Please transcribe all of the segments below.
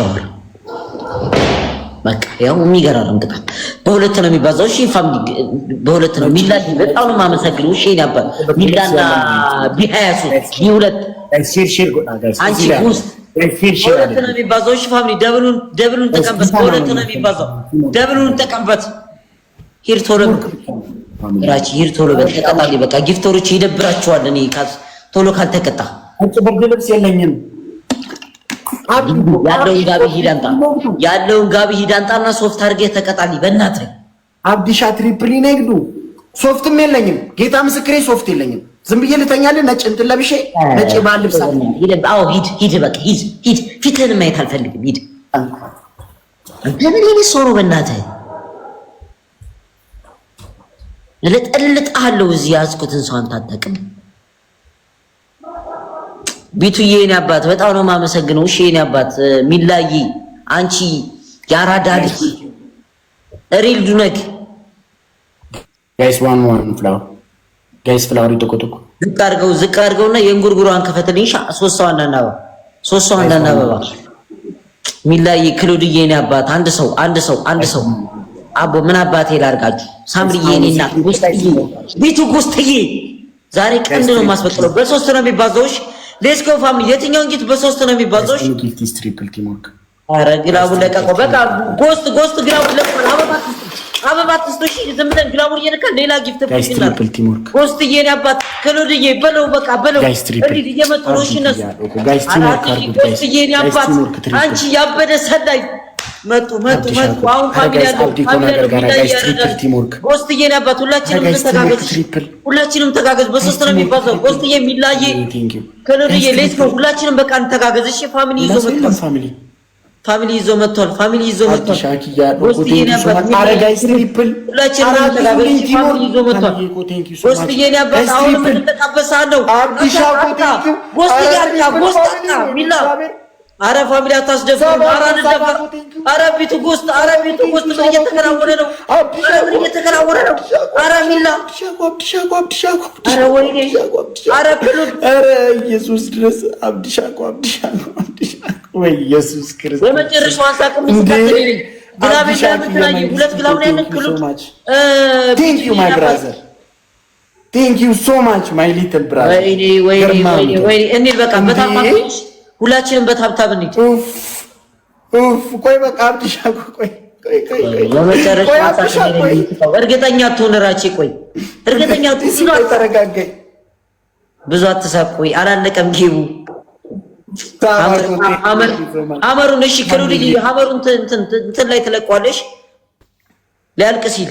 አሻዋለሁ። በቃ ያው የሚገራርም ቅጣት በሁለት ነው የሚባዛው። እሺ ፋም በሁለት ነው ሚላ። በጣም ነው የማመሰግነው። እሺ ያባ ሚላና ቢሃያሱ ቢሁለት አንቺ ውስጥ በሁለት ነው የሚባዛው። እሺ ደብሉን ደብሉን ተቀምበት። በሁለት ነው የሚባዛው። ደብሉን ተቀምበት። ቶሎ ራቺ፣ ካልተቀጣ አንቺ ብርድ ልብስ የለኝም ያለውን ጋቢ ሂዳንጣ ያለውን ጋቢ ሂዳንጣ እና ሶፍት አድርገህ ተቀጣሊ። በእናት አብዲሻ ትሪፕሊ ነግዱ ሶፍትም የለኝም ጌታ ምስክሬ፣ ሶፍት የለኝም። ዝም ብዬ ልተኛለህ። ነጭ እንትን ለብሼ ነጭ ባህል ልብሳለሁ አለ። አዎ ሂድ ሂድ፣ በቃ ሂድ ሂድ። ፊትህን ማየት አልፈልግም። ሂድ አንተ ምን ለኔ ሶሮ በእናትህ እልጥ አለው። እዚህ ያዝኩትን ሰው አንታጠቅም ቢቱዬ የኔ አባት በጣም ነው የማመሰግነው። እሺ የኔ አባት ሚላዬ፣ አንቺ ያራዳ ልጅ ሪል ዱነክ ጋይስ ዋን ዋን ፍላው ጋይስ ፍላወር ይተቆጥቁ ዝቅ አድርገው ዝቅ አድርገውና የእንጉርጉሯን ከፈትልኝ። ሻ ሶስት ሰው አንዳንድ አበባ ሶስት ሰው አንዳንድ አበባ ሚላዬ፣ ክሎድዬ የኔ አባት አንድ ሰው አንድ ሰው አንድ ሰው አቦ ምን አባቴ ላድርጋችሁ። ሳምርዬ የኔ እናት ጉስትዬ፣ ቢቱ ጉስትዬ፣ ዛሬ ቀንድ ነው የማስበጥለው። በሶስት ነው የሚባዛውሽ ሌትስ ጎ ፋሚሊ። የትኛው እንጂት በሶስት ነው የሚባዛው? ኧረ ግላቡን ለቀቀው። በቃ ጎስት ጎስት ግላቡን ለቀቀው። አበባት አበባት ስቶሽ ዝም ብለን ግላቡን እየነካ ሌላ ጊፍት ጎስት እየኔ አባት ከሎድዬ በለው በቃ በለው። እየመጡ ነው እሺ እነሱ። ጎስት እየኔ አባት አንቺ ያበደ ሰላይ መጡ መጡ መጡ። አሁን ፋሚሊያ ጎስትዬ ነባት። ሁላችንም ተጋገዝ፣ ሁላችንም ተጋገዝ። በሶስት ነው የሚባዛው። ጎስትዬ የሚላየ ከልርዬ ሌት ነው። ሁላችንም በቃ እንተጋገዝ። እሺ ፋሚሊ ይዞ መጥቷል። ፋሚሊ ይዞ መጥቷል። ፋሚሊ ይዞ መጥቷል። ጎስትዬ ነባት። ሁላችንም ተጋገዝ። ፋሚሊ ይዞ መጥቷል። ጎስትዬ ነባት። አሁን ምን ተጣበሳለሁ። ጎስትዬ ጎስት ጎስታ ሚላ አረ ፋሚሊ አታስደፍሩ። አረ እንደፈር አረ ቢቱ ጎስት አረ ቢቱ ጎስት ምን እየተከናወነ ነው? አረ ምን እየተከናወነ ነው? አረ ሚላ አረ ወይኔ አረ ክሉ አረ ኢየሱስ ድረስ አብዲሻቆ አብዲሻቆ አብዲሻቆ ወይ ኢየሱስ ክርስቶስ የመጨረሻው አንሳቅም ይስከተል ግላብ ያምትናይ ሁለት ግላብ ላይ ነክሉ ቴንክ ዩ ማይ ብራዘር ቴንክ ዩ ሶ ማች ማይ ሊትል ብራዘር ወይኔ ወይኔ ወይኔ እኔ በቃ በታማኝ ሁላችንም በታብታብ እንሂድ። ቆይ በቃ አብድሻ፣ ቆይ እርግጠኛ ትሁን ራቼ፣ ቆይ እርግጠኛ ተረጋጋኝ። ብዙ አትሳቅ። አላለቀም ጌቡ አመሩን። እሺ ክሉድ ሀመሩን እንትን ላይ ትለቋለሽ ሊያልቅ ሲል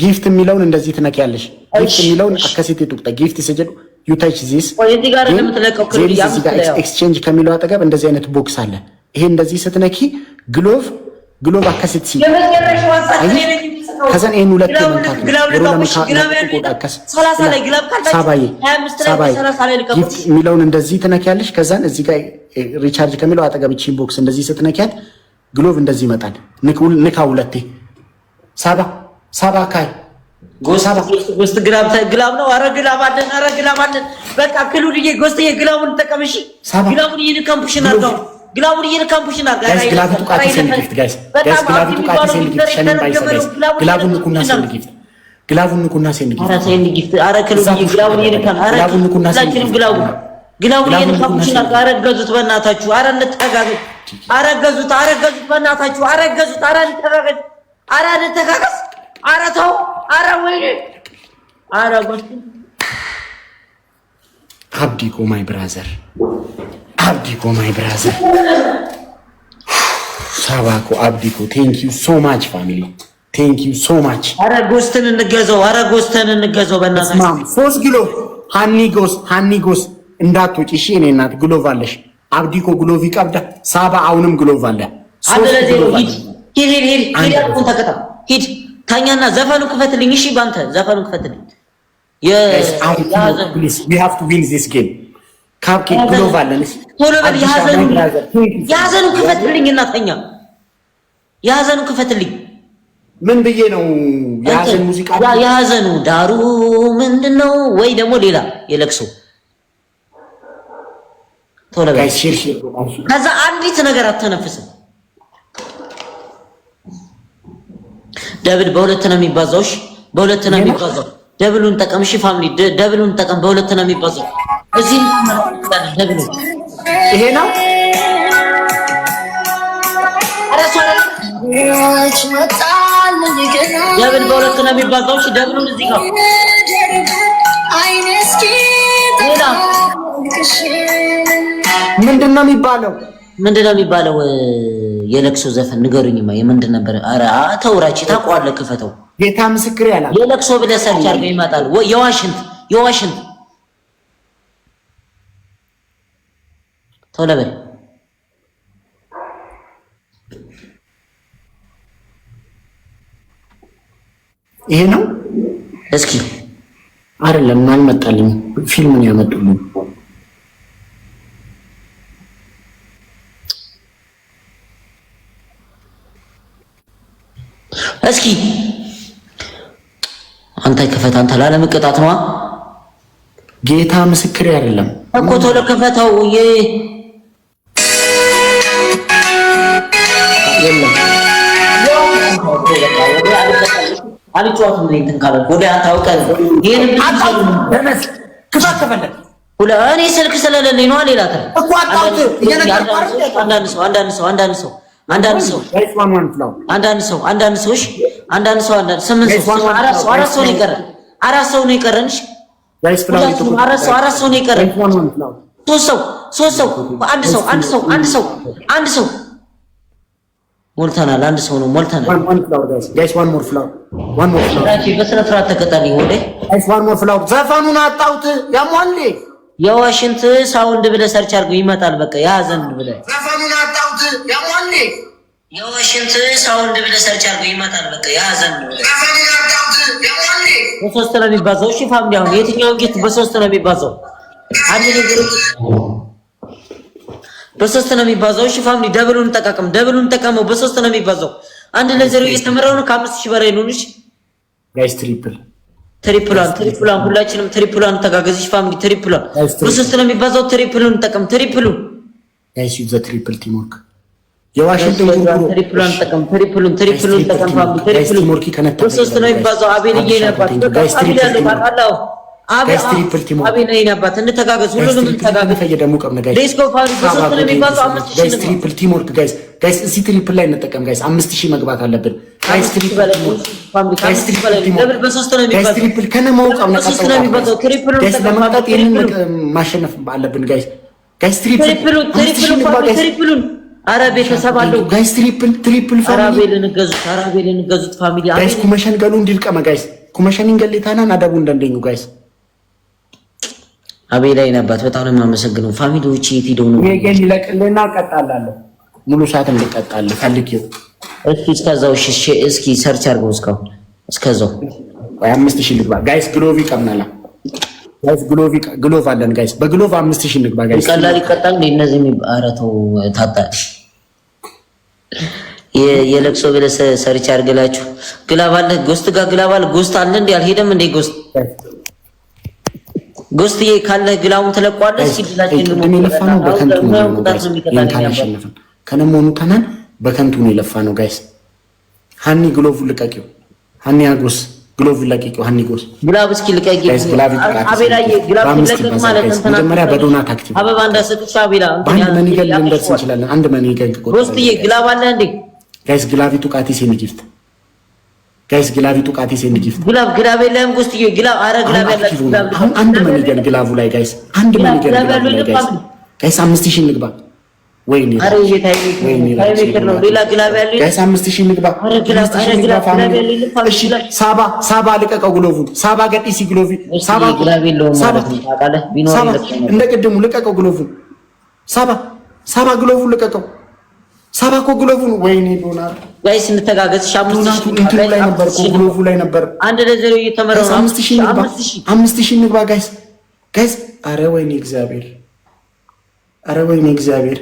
ጊፍት የሚለውን እንደዚህ ትነቂያለሽ። ጊፍት የሚለውን አከሴት ጡቅጠ ጊፍት ስጅል ዩታች ዚስ ኤክስቼንጅ ከሚለው አጠገብ እንደዚህ አይነት ቦክስ አለ። ይሄ እንደዚህ ስትነኪ ግሎቭ ግሎቭ አከሴት ሲ ከዘን ይህን ሁለት መንካት ሳባዬ ሳባዬ ጊፍት የሚለውን እንደዚህ ትነኪያለሽ። ከዛን እዚህ ጋር ሪቻርጅ ከሚለው አጠገብ ቺን ቦክስ እንደዚህ ስትነኪያት ግሎቭ እንደዚህ ይመጣል። ንካ ሁለቴ ሳባ ሰባካይ ጎስት ግላብ ግላብ ነው። አረ ግላብ አለን፣ አረ ግላብ አለን። በቃ ክሉ ልዬ ጎስትዬ ግላቡን ተቀበሽ። ግላቡን እየነካን ፑሽን አድርገው፣ ግላቡን እየነካን ፑሽን አድርገው። ግላቡን ቱቃቲ ሴንድ ጊፍት ጋይስ፣ ግላቡን ቱቃቲ ሴንድ ጊፍት ሸኔን ባይሰ ጋይስ፣ ግላቡን ንኩና ሴንድ ጊፍት፣ ግላቡን ንኩና ሴንድ ጊፍት፣ አረ ሴንድ ጊፍት። አረ ክሉ ልዬ ግላቡን እየነካን፣ አረ ግላቡን ንኩና ሴንድ ጊፍት፣ ግላቡን ግላቡን እየነካን ፑሽን አድርገው። አረ ገዙት በእናታችሁ፣ አረ እንተጋገዝ፣ አረ ገዙት፣ አረ ገዙት በእናታችሁ፣ አረ ገዙት፣ አረ እንተጋገዝ፣ አረ እንተጋገዝ ኧረ ተው! ኧረ ወይኔ! ኧረ ጎሽ አብዲ ቆማይ ብራዘር አብዲ ቆማይ ብራዘር ሳባኮ አብዲኮ ቴንክ ዩ ሶ ማች ፋሚሊ ቴንክ ዩ ሶ ማች። ኧረ ጎስተን እንገዛው፣ ኧረ ጎስተን እንገዛው። በእናትህ ሶስት ኪሎ ሃኒ ጎስ ሃኒ ጎስ እንዳትወጪ እሺ። እኔ እናት ግሎቭ አለሽ። አብዲኮ ግሎቭ ይቀብዳ። ሳባ አሁንም ግሎቭ አለ። ሂድ ሂድ ሂድ ሂድ፣ ተከታ ሂድ ታኛና ዘፈኑ ክፈትልኝ። እሺ ባንተ ዘፈኑ ክፈትልኝ። የሀዘኑ ክፈትልኝ እና ተኛ። የሀዘኑ ክፈትልኝ። ምን ብዬ ነው የሀዘን ሙዚቃ? የሀዘኑ ዳሩ ምንድን ነው? ወይ ደግሞ ሌላ የለቅሶ ከዛ አንዲት ነገር አትተነፍስም ደብል በሁለት ነው የሚባዛው። እሺ በሁለት ነው የሚባዛው። ደብሉን ጠቀም። እሺ ፋሚሊ ደብሉን ጠቀም። በሁለት ነው የሚባዛው። እዚህ ደብሉ ይሄ ነው። ደብል በሁለት ነው የሚባዛው። እሺ ደብሉን እዚህ ጋር ምንድን ነው የሚባለው? ምንድን ነው የሚባለው? የለቅሶ ዘፈን ንገሩኝማ፣ የምንድን ነበር? ኧረ ተው ታውቀዋለህ፣ ክፈተው። ጌታ ምስክር ያላ የለቅሶ ብለህ ሰርች አድርገህ ይመጣል። የዋሽንት የዋሽንት ተው ለበል ይሄ ነው። እስኪ አይደለም፣ አልመጣልኝም። ፊልሙን ያመጡልኝ እስኪ አንተ ክፈት። አንተ ላለመቀጣት ነዋ። ጌታ ምስክር አይደለም እኮ ቶሎ ክፈተው። የ እንትን ካለ እኔ ስልክ ስለሌለኝ ነው። ሌላ አንዳንድ ሰው አንዳንድ ሰው አንዳንድ ሰው አንዳንድ ሰው አንዳንድ ሰው እሺ አንዳንድ ሰው አንዳንድ ስምንት ሰው አራት ሰው አራት ሰው ነው የቀረን፣ አራት ሰው ነው የቀረን። እሺ ሁላችሁም አራት ሰው አራት ሰው ነው የቀረን። ሶስት ሰው ሶስት ሰው አንድ ሰው አንድ ሰው አንድ ሰው አንድ ሰው ሞልተናል። አንድ ሰው ነው ሞልተናል። በስነ ስርዓት ተቀጣልኝ። ወደ ዘፈኑን አጣሁት። ያሟል የዋሽንት ሳውንድ ብለህ ሰርች አድርገው ይመጣል። በቃ ያ ዘንድ ብለህ ዘፈኑን አጣሁት። ያሟል የዋሽንት ሳውንድ ብለህ ሰርች አድርገው ይመጣል። በቃ ያዘን በሶስት ነው የሚባዛው። እሺ ፋሚሊ፣ አሁን የትኛውን ጌት በሶስት ነው የሚባዛው? አንድ ነገር በሶስት ነው የሚባዛው። እሺ ፋሚሊ፣ ደብሉን ጠቃቅም፣ ደብሉን ጠቀመው። በሶስት ነው የሚባዛው። አንድ ለዜሮ እየተመራው ነው። ከአምስት ሺህ በላይ ነው። እሺ ጋይስ፣ ትሪፕል ትሪፕሏን ትሪፕሏን፣ ሁላችንም ትሪፕሏን ተጋገዝ። እሺ ፋሚሊ፣ ትሪፕሏን በሶስት ነው የሚባዛው። ትሪፕሉን ጠቀም፣ ትሪፕሉ ጋይስ፣ ዩዝ ዘ ትሪፕል ቲም ወርክ የዋሽንግተን ጉርጉሮ ትሪፕሉን ተቀም ትሪፕሉን ትሪፕሉን ተቀም ሶስት ነው የሚባዛው። አቤል እየነባት እንተጋገዝ፣ ትሪፕል ጋይስ ጋይስ ትሪፕል ላይ እንጠቀም ጋይስ። አምስት ሺህ መግባት አለብን ትሪፕል ማሸነፍ አለብን ጋይስ። ጋይስ ትሪፕሉን አረ ቤተሰብ አለው ጋይስ፣ ትሪፕል ትሪፕል ፋሚሊ አራቤልን ገዙት፣ አራቤልን ገዙት ፋሚሊ ጋይስ። ኩመሸን ገሉ እንዲልቀመ ጋይስ፣ ኩመሸን እንገልታናን አደቡ እንደንደኙ ጋይስ። ላይ ይነባት በጣም ነው የማመሰግነው ፋሚሊዎች። የት ሄደው ነው የገል ይለቅልና ቀጣላለሁ ሙሉ ሰዓት እንድቀጣል ፈልግ። እስኪ እስከዛው እሺ፣ እስኪ ሰርች አድርገው እስከው እስከዛው 5000 ልግባ ጋይስ። ግሎቪ ቀምናላ ጋይስ ግሎቭ ግሎቭ አለን ጋይስ። በግሎቭ አምስት ሺህ እንግባ ጋይስ። ቀላል ይቀጣል እንዴ እነዚህ የሚባረተው ታጣ የለቅሶ ብለህ ሰርች አድርግላችሁ ግላብ አለ ጎስት ጋር ግላብ አለ ጎስት አለ እንዴ አልሄደም እንዴ ጎስት ጎስት ይሄ ካለ ግላቡ ተለቋለ ሲላችሁ ነው ለፋነው በከንቱ ነው ከነሞኑ ተናን በከንቱ ነው የለፋ ነው ጋይስ። ሀኒ ግሎቭ ልቀቂው ሀኒ አጎስ ግሎቭ ለቂቅ ዮሐኒ ጎስ ግላብ እስኪ ልቀቂ። ግላብ ማለት መጀመሪያ በዶናት አክቲቭ አበባ እንዳሰጥሽ አቤላ አንድ መኒገል ልንደርስ እንችላለን። አንድ መኒገል ቆጥ ግላብ አለ እንዴ ጋይስ? ግላቪ ጡቃቲ ሴንድ ጊፍት ጋይስ፣ ግላቪ ጡቃቲ ሴንድ ጊፍት ግላብ ግላብ የለም ውስጥ ይሄ ግላብ አረ ግላብ ያለ አሁን አንድ መኒገል ግላቡ ላይ ጋይስ፣ አንድ መኒገል ግላቡ ላይ ጋይስ፣ አምስት ሺህ እንግባ ወይኔ ሳባ ሳባ ልቀቀው፣ ግሎቡን ሳባ ገጢሲ ግሎቡን እንደ ቅድሙ ልቀቀው፣ ግሎቡን ሳባ ሳባ ግሎቡን ልቀቀው። ሳባ እኮ ግሎቡን ወይኔ ዶናር ጋይስ እንተጋገዝ። ላይ ነበር ግሎቡ ላይ ነበር። አንድ ለዘሮ እየተመራው አምስት ሺህ ንግባ ጋይስ ጋይስ። አረ ወይኔ እግዚአብሔር፣ አረ ወይኔ እግዚአብሔር